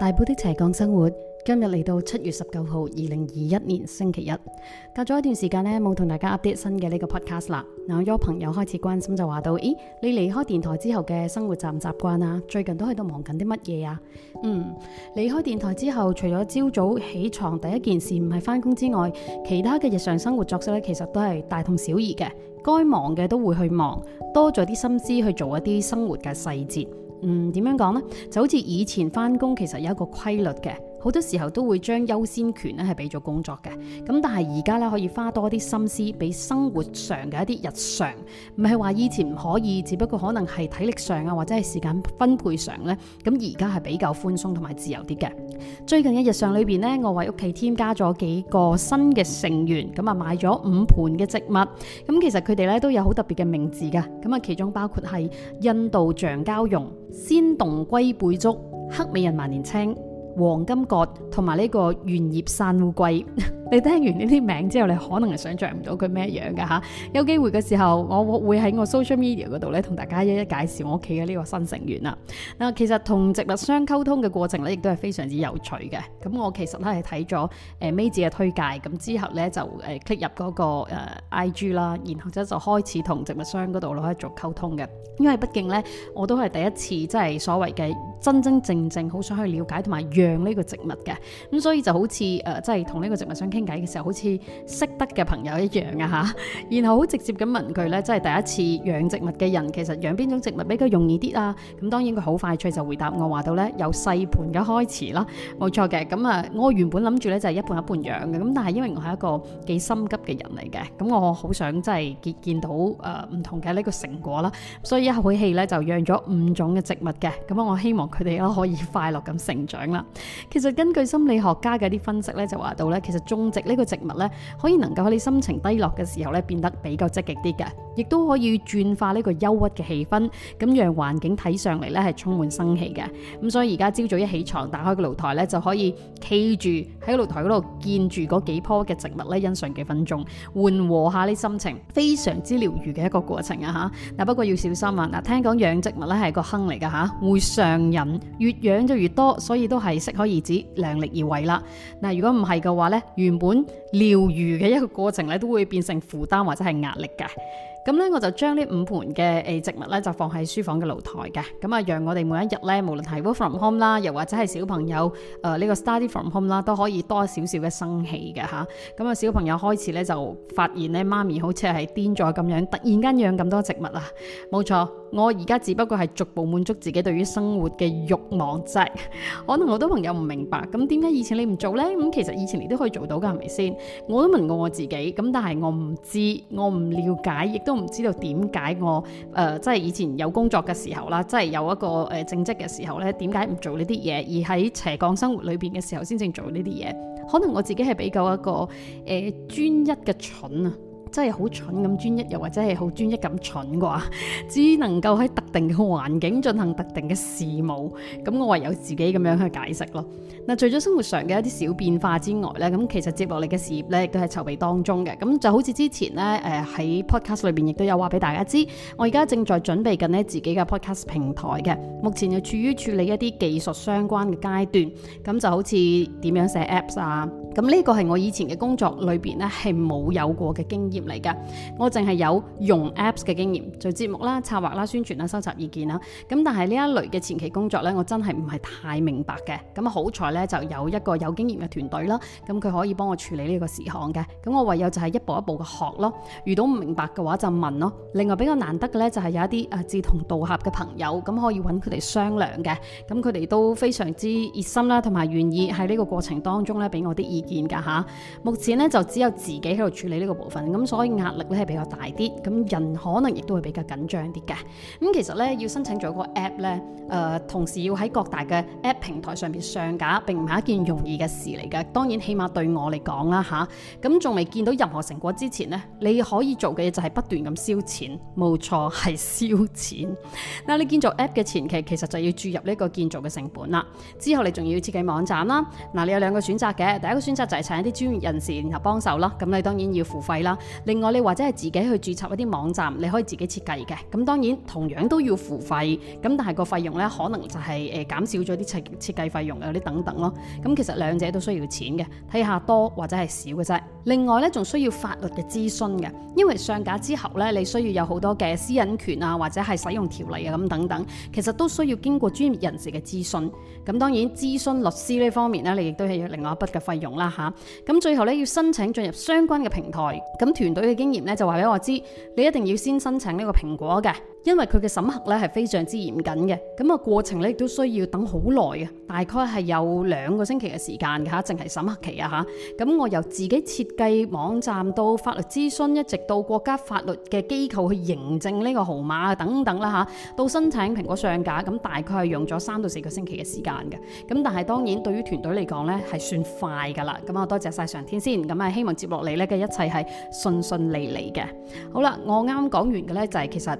大埔的斜槓生活，今日嚟到七月十九號，二零二一年星期一。隔咗一段時間呢，冇同大家 update 新嘅呢個 podcast 啦。嗱，有啲朋友開始關心就話到：咦、欸，你離開電台之後嘅生活習唔習慣啊？最近都喺度忙緊啲乜嘢啊？嗯，離開電台之後，除咗朝早起床第一件事唔係返工之外，其他嘅日常生活作息呢，其實都係大同小異嘅。該忙嘅都會去忙，多咗啲心思去做一啲生活嘅細節。嗯，點樣講呢？就好似以前返工，其實有一個規律嘅。好多時候都會將優先權咧係俾咗工作嘅。咁，但係而家咧可以花多啲心思俾生活上嘅一啲日常，唔係話以前唔可以，只不過可能係體力上啊，或者係時間分配上呢。咁而家係比較寬鬆同埋自由啲嘅。最近嘅日常裏面咧，我為屋企添加咗幾個新嘅成員，咁買咗五盆嘅植物，其實佢哋咧都有好特別嘅名字嘅，咁其中包括係印度橡膠榕、仙洞龜背竹、黑美人萬年青。黃金葛同埋呢個圓葉山烏龜。你聽完呢啲名之後，你可能係想像唔到佢咩樣嘅嚇。有機會嘅時候，我會喺我 social media 嗰度咧，同大家一一介紹我屋企嘅呢個新成員啦。嗱，其實同植物商溝通嘅過程咧，亦都係非常之有趣嘅。咁我其實咧係睇咗誒妹子嘅推介，咁之後咧就誒 click 入嗰個、呃、IG 啦，然後就開始同植物商嗰度攞去做溝通嘅。因為畢竟咧，我都係第一次即係所謂嘅真真正正好想去了解同埋養呢個植物嘅，咁所以就好似誒即係同呢個植物商傾。嘅時候好似識得嘅朋友一樣啊嚇，然後好直接咁問佢咧，即係第一次養植物嘅人，其實養邊種植物比較容易啲啊？咁當然佢好快脆就回答我話到咧，由細盆嘅開始啦，冇錯嘅。咁啊，我原本諗住咧就係一半一半養嘅，咁但係因為我係一個幾心急嘅人嚟嘅，咁我好想即係見見到誒唔同嘅呢個成果啦，所以一口氣咧就養咗五種嘅植物嘅。咁我希望佢哋咧可以快樂咁成長啦。其實根據心理學家嘅啲分析咧，就話到咧，其實中植呢個植物可以能夠喺你心情低落嘅時候咧，變得比較積極啲嘅。亦都可以轉化呢個憂鬱嘅氣氛，咁讓環境睇上嚟咧係充滿生氣嘅。咁所以而家朝早一起床，打開個露台咧，就可以企住喺露台嗰度見住嗰幾棵嘅植物咧，欣賞幾分鐘，緩和一下呢心情，非常之療愈嘅一個過程啊！嚇，嗱不過要小心啊！嗱，聽講養植物咧係個坑嚟㗎嚇，會上癮，越養就越多，所以都係適可而止、量力而為啦。嗱，如果唔係嘅話咧，原本，療愈嘅一個過程咧，都會變成負擔或者係壓力嘅。咁咧，我就將呢五盆嘅誒植物咧，就放喺書房嘅露台嘅。咁啊，讓我哋每一日咧，無論係 work from home 啦，又或者係小朋友誒呢、呃這個 study from home 啦，都可以多少少嘅生氣嘅吓。咁啊，那小朋友開始咧就發現咧，媽咪好似係癲咗咁樣，突然間養咁多植物啊！冇錯，我而家只不過係逐步滿足自己對於生活嘅欲望啫。可能好多朋友唔明白，咁點解以前你唔做咧？咁其實以前你都可以做到噶，係咪先？我都問過我自己，咁但係我唔知，我唔了解，亦都唔知道點解我誒、呃，即係以前有工作嘅時候啦，即係有一個誒、呃、正職嘅時候咧，點解唔做呢啲嘢，而喺斜槓生活裏邊嘅時候先至做呢啲嘢？可能我自己係比較一個誒專、呃、一嘅蠢啊。真係好蠢咁專一，又或者係好專一咁蠢啩？只能夠喺特定嘅環境進行特定嘅事務。咁我唯有自己咁樣去解釋咯。嗱，除咗生活上嘅一啲小變化之外咧，咁其實接落嚟嘅事業咧亦都係籌備當中嘅。咁就好似之前咧，誒、呃、喺 podcast 裏邊亦都有話俾大家知，我而家正在準備緊呢自己嘅 podcast 平台嘅，目前就處於處理一啲技術相關嘅階段。咁就好似點樣寫 apps 啊？咁呢個係我以前嘅工作裏邊呢，係冇有，有過嘅經驗嚟噶，我淨係有用 Apps 嘅經驗做節目啦、策劃啦、宣傳啦、收集意見啦。咁但係呢一類嘅前期工作呢，我真係唔係太明白嘅。咁好彩呢，就有一個有經驗嘅團隊啦，咁佢可以幫我處理呢個事項嘅。咁我唯有就係一步一步嘅學咯，遇到唔明白嘅話就問咯。另外比較難得嘅呢，就係有一啲啊志同道合嘅朋友，咁可以揾佢哋商量嘅。咁佢哋都非常之熱心啦，同埋願意喺呢個過程當中呢，俾我啲意見。見噶吓，目前咧，就只有自己喺度處理呢個部分，咁所以壓力咧，係比較大啲，咁人可能亦都會比較緊張啲嘅。咁其實咧，要申請咗個 app 咧，誒，同時要喺各大嘅 app 平台上邊上架，並唔係一件容易嘅事嚟嘅。當然起碼對我嚟講啦吓，咁仲未見到任何成果之前咧，你可以做嘅嘢就係不斷咁燒錢，冇錯係燒錢。嗱，你建造 app 嘅前期其實就要注入呢個建造嘅成本啦，之後你仲要設計網站啦。嗱，你有兩個選擇嘅，第一個選專輯就係請一啲專業人士，然後幫手啦。咁你當然要付費啦。另外你或者係自己去註冊一啲網站，你可以自己設計嘅。咁當然同樣都要付費。咁但係個費用咧，可能就係、是、誒、呃、減少咗啲設設計費用啊，啲等等咯。咁其實兩者都需要錢嘅，睇下多或者係少嘅啫。另外咧，仲需要法律嘅諮詢嘅，因為上架之後咧，你需要有好多嘅私隱權啊，或者係使用條例啊，咁等等，其實都需要經過專業人士嘅諮詢。咁當然諮詢律師呢方面咧，你亦都係另外一筆嘅費用。啦咁，最後要申請進入相關的平台，咁團隊的經驗就話俾我知，你一定要先申請呢個蘋果嘅。因為佢嘅審核咧係非常之嚴謹嘅，咁啊過程咧亦都需要等好耐嘅，大概係有兩個星期嘅時間嘅嚇，淨係審核期啊嚇。咁我由自己設計網站到法律諮詢，一直到國家法律嘅機構去認證呢個號碼等等啦嚇，到申請蘋果上架，咁大概係用咗三到四個星期嘅時間嘅。咁但係當然對於團隊嚟講咧係算快㗎啦。咁啊多謝晒上天先，咁啊希望接落嚟咧嘅一切係順順利利嘅。好啦，我啱講完嘅咧就係其實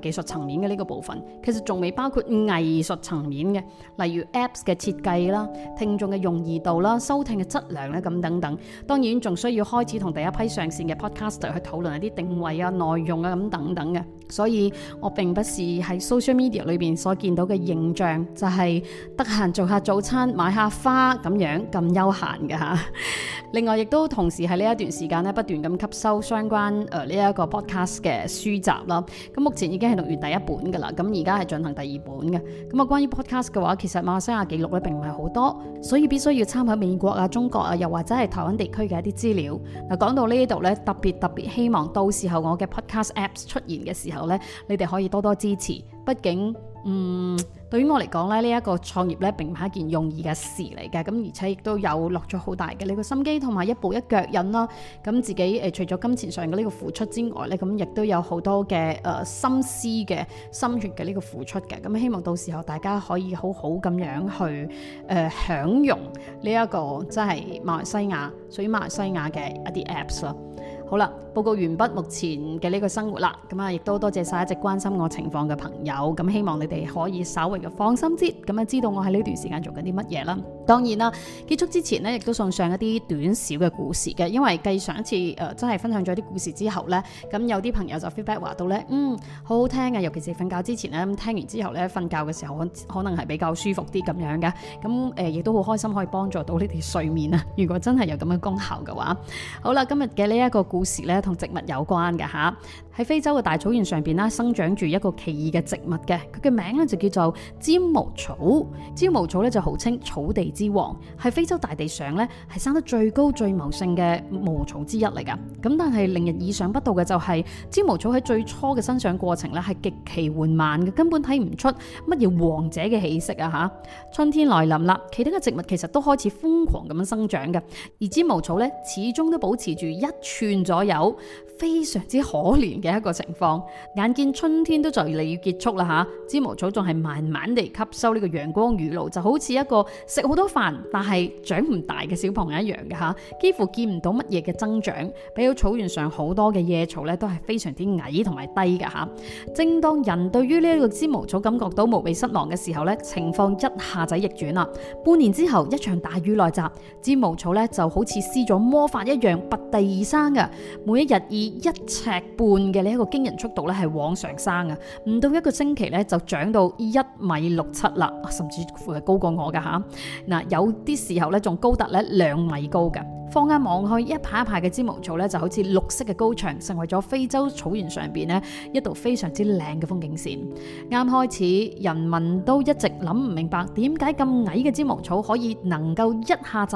技術層面嘅呢個部分，其實仲未包括藝術層面嘅，例如 apps 嘅設計啦、聽眾嘅容易度啦、收聽嘅質量啦等等。當然仲需要開始同第一批上線嘅 podcaster 去討論一啲定位啊、內容啊等等嘅。所以我並不是喺 social media 裏面所見到嘅形象，就係得閒做下早餐、買下花咁樣咁悠閒嘅嚇。另外，亦都同時喺呢一段時間咧，不斷咁吸收相關誒呢一個 podcast 嘅書籍啦。咁目前已經係讀完第一本㗎啦，咁而家係進行第二本嘅。咁啊，關於 podcast 嘅話，其實馬來西亞記錄咧並唔係好多，所以必須要參考美國啊、中國啊，又或者係台灣地區嘅一啲資料。嗱，講到呢度咧，特別特別希望到時候我嘅 podcast apps 出現嘅時候咧，後你哋可以多多支持。畢竟，嗯，對於我嚟講咧，呢、這、一個創業咧，並唔係一件容易嘅事嚟嘅。咁而且亦都有落咗好大嘅呢個心機，同埋一步一腳印啦。咁自己誒，除咗金錢上嘅呢個付出之外咧，咁亦都有好多嘅誒、呃、心思嘅心血嘅呢個付出嘅。咁希望到時候大家可以好好咁樣去誒、呃、享用呢、這、一個即係馬來西亞，屬於馬來西亞嘅一啲 apps 啦。好啦，報告完畢，目前嘅呢個生活啦，咁啊，亦都多謝晒一直關心我情況嘅朋友，咁希望你哋可以稍微嘅放心啲，咁啊，知道我喺呢段時間做緊啲乜嘢啦。當然啦，結束之前呢，亦都送上一啲短小嘅故事嘅，因為繼上一次誒、呃、真係分享咗啲故事之後呢，咁有啲朋友就 feedback 話到咧，嗯，好好聽啊，尤其是瞓覺之前呢，聽完之後呢，瞓覺嘅時候可能係比較舒服啲咁樣嘅，咁誒亦都好開心可以幫助到你哋睡眠啊。如果真係有咁嘅功效嘅話，好啦，今日嘅呢一個故事咧同植物有關嘅吓。喺非洲嘅大草原上邊啦，生長住一個奇異嘅植物嘅，佢嘅名咧就叫做尖毛草。尖毛草咧就號稱草地之王，係非洲大地上咧係生得最高最茂盛嘅毛草之一嚟噶。咁但係令人意想不到嘅就係、是、尖毛草喺最初嘅生長過程咧係極其緩慢嘅，根本睇唔出乜嘢王者嘅氣息啊！吓，春天來臨啦，其他嘅植物其實都開始瘋狂咁樣生長嘅，而尖毛草咧始終都保持住一寸左右，非常之可憐嘅。一個情況，眼見春天都就嚟要結束啦吓，枝毛草仲係慢慢地吸收呢個陽光雨露，就好似一個食好多飯但係長唔大嘅小朋友一樣嘅吓，幾乎見唔到乜嘢嘅增長。比到草原上好多嘅野草咧，都係非常之矮同埋低嘅吓。正當人對於呢一個枝毛草感覺到無比失望嘅時候呢，情況一下子逆轉啦。半年之後，一場大雨來襲，枝毛草呢就好似施咗魔法一樣拔地而生嘅，每一日以一尺半嘅。呢個驚人速度咧，係往上生嘅，唔到一個星期咧，就長到一米六七啦，甚至乎係高過我嘅嚇。嗱、啊，有啲時候咧，仲高達咧兩米高嘅。放眼望去，一排一排嘅芝毛草咧，就好似綠色嘅高牆，成為咗非洲草原上邊呢一道非常之靚嘅風景線。啱開始，人民都一直諗唔明白點解咁矮嘅芝毛草可以能夠一下子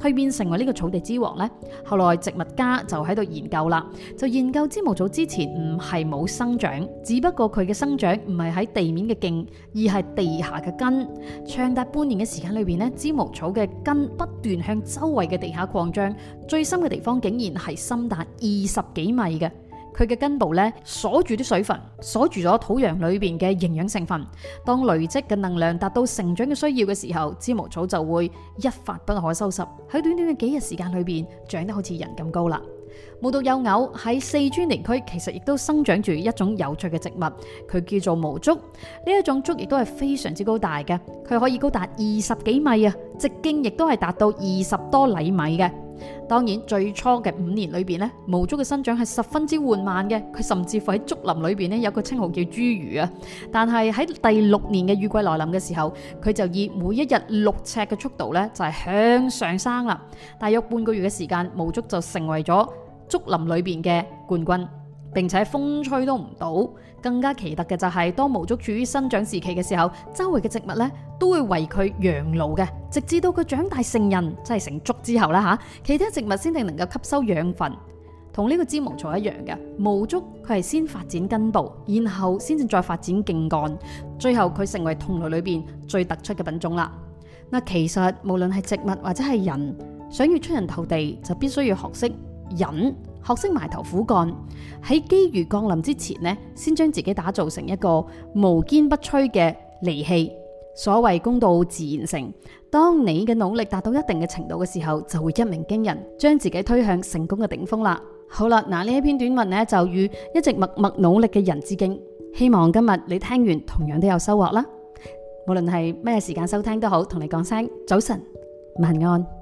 蛻變成為呢個草地之王呢？後來植物家就喺度研究啦，就研究芝毛草之。之前唔係冇生長，只不過佢嘅生長唔係喺地面嘅莖，而係地下嘅根。長達半年嘅時間裏邊呢，枝毛草嘅根不斷向周圍嘅地下擴張，最深嘅地方竟然係深達二十幾米嘅。佢嘅根部咧鎖住啲水分，鎖住咗土壤裏邊嘅營養成分。當累積嘅能量達到成長嘅需要嘅時候，枝毛草就會一發不可收拾。喺短短嘅幾日時間裏邊，長得好似人咁高啦。無獨有偶，喺四川地區其實亦都生長住一種有趣嘅植物。佢叫做毛竹，呢一種竹亦都係非常之高大嘅，佢可以高達二十幾米啊，直徑亦都係達到二十多厘米嘅。當然最初嘅五年裏邊咧，毛竹嘅生長係十分之緩慢嘅，佢甚至乎喺竹林裏邊咧有個稱號叫侏儒啊。但係喺第六年嘅雨季來臨嘅時候，佢就以每一日六尺嘅速度咧就係向上生啦，大約半個月嘅時間，毛竹就成為咗。竹林裏面嘅冠軍，並且風吹都唔倒。更加奇特嘅就係當毛竹處於生長時期嘅時候，周圍嘅植物咧都會為佢讓路嘅，直至到佢長大成人，即係成竹之後啦。吓，其他植物先至能夠吸收養分，同呢個枝毛草一樣嘅毛竹，佢係先發展根部，然後先至再發展莖幹，最後佢成為同類裏邊最突出嘅品種啦。嗱，其實無論係植物或者係人，想要出人頭地，就必須要學識。忍，學識埋頭苦幹，喺機遇降臨之前呢，先將自己打造成一個無堅不摧嘅利器。所謂功到自然成，當你嘅努力達到一定嘅程度嘅時候，就會一鳴驚人，將自己推向成功嘅頂峰啦。好啦，嗱，呢一篇短文呢就與一直默默努力嘅人致敬。希望今日你聽完同樣都有收穫啦。無論係咩時間收聽都好，同你講聲早晨、晚安。